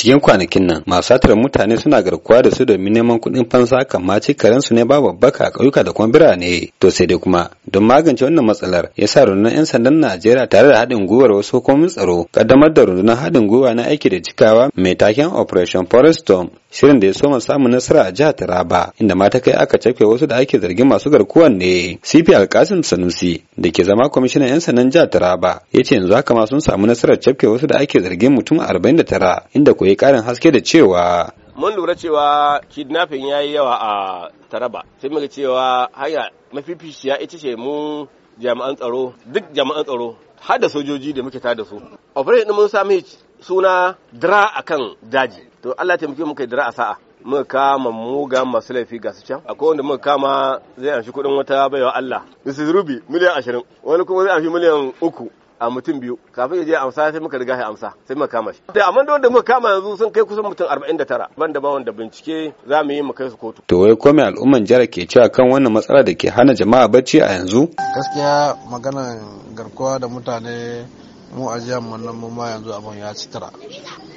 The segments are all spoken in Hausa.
cikin kwanakin nan masu satar mutane suna garkuwa da su domin neman kuɗin fansa kamar ci su ne ba babbaka a ƙauyuka da kuma birane to sai dai kuma don magance wannan matsalar ya sa rundunar 'yan sandan najeriya tare da haɗin gwiwar wasu hukumomin tsaro kaddamar da rundunar haɗin gwiwa na aiki da cikawa mai taken operation forest storm shirin da ya soma samun nasara a jihar Taraba inda mata kai aka cafke wasu da ake zargin masu garkuwan ne. CP Alkasim Sanusi da ke zama kwamishinan 'yan sanan jihar Taraba ya ce yanzu haka ma sun samu nasarar cafke wasu da ake zargin mutum 49 inda koyi karin haske da cewa mun lura cewa kidnapping ya yi yawa a Taraba sai muka cewa haya mafificiya ita ce mu jami'an tsaro duk jami'an tsaro har da sojoji da muke tada su operation din mun sami suna dra akan daji to Allah taimake mu muka dira a sa'a muka kama muga masu laifi ga su can akwai wanda muka kama zai amshi kuɗin wata baiwa Allah Mrs. Ruby miliyan ashirin wani kuma zai amshi miliyan uku a mutum biyu kafin ya je amsa sai muka riga ya amsa sai muka kama shi da amma wanda muka kama yanzu sun kai kusan mutum 49 banda ba wanda bincike za mu yi mu kai su kotu to wai komai al'umman jara ke cewa kan wannan matsala da ke hana jama'a bacci a yanzu gaskiya maganan garkuwa da mutane mu a jihar nan mu ma yanzu abin ya ci tara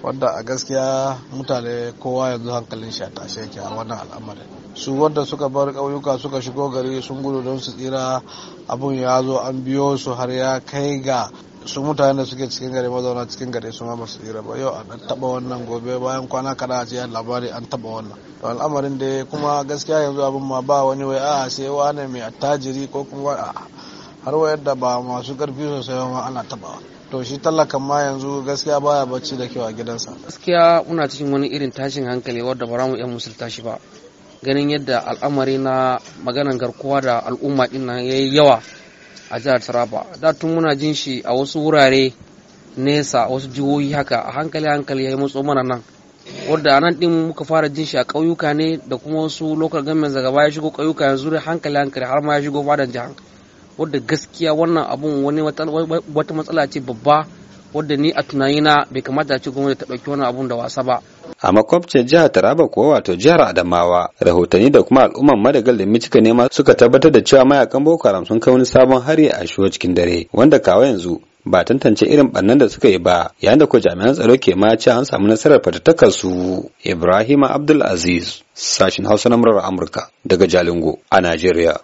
wanda a gaskiya mutane kowa yanzu hankalin shi a tashe yake a wannan al'amarin su wanda suka bar ƙauyuka suka shigo gari sun gudu don su tsira abin ya zo an biyo su har ya kai ga su mutane da suke cikin gari mazauna cikin gari su ma basu tsira ba yau an taba wannan gobe bayan kwana kada a ce labari an taba wannan al'amarin da kuma gaskiya yanzu abin ma ba wani wai a sai wane mai attajiri ko kuma har wayar da ba masu karfi sosai ma ana tabawa to shi talakan ma yanzu gaskiya baya bacci da kyau a gidansa gaskiya muna cikin wani irin tashin hankali wadda ba mu yan musulta shi ba ganin yadda al'amari na maganan garkuwa da al'umma din nan yayi yawa a jihar Taraba da tun muna jin shi a wasu wurare nesa wasu jihohi haka a hankali hankali yayi matso mana nan wadda a nan din muka fara jin shi a ƙauyuka ne da kuma wasu local government daga baya shigo ƙauyuka yanzu da hankali hankali har ma ya shigo fadan jihar wadda gaskiya wannan abun wani wata matsala ce babba wadda ni a tunanina bai kamata ce gwamnati ta ɗauki wani abun da wasa ba. A makwabce jihar Taraba kuwa wato jihar Adamawa, rahotanni da kuma al'umman Madagal da Micika nema suka tabbatar da cewa mayakan Boko Haram sun kai wani sabon hari a shiwa cikin dare, wanda kawo yanzu ba tantance irin bannan da suka yi ba yayin da ko jami'an tsaro ke ma ce an samu nasarar fatattakar su Ibrahim Abdul Aziz sashin Hausa na murar Amurka daga Jalingo a Najeriya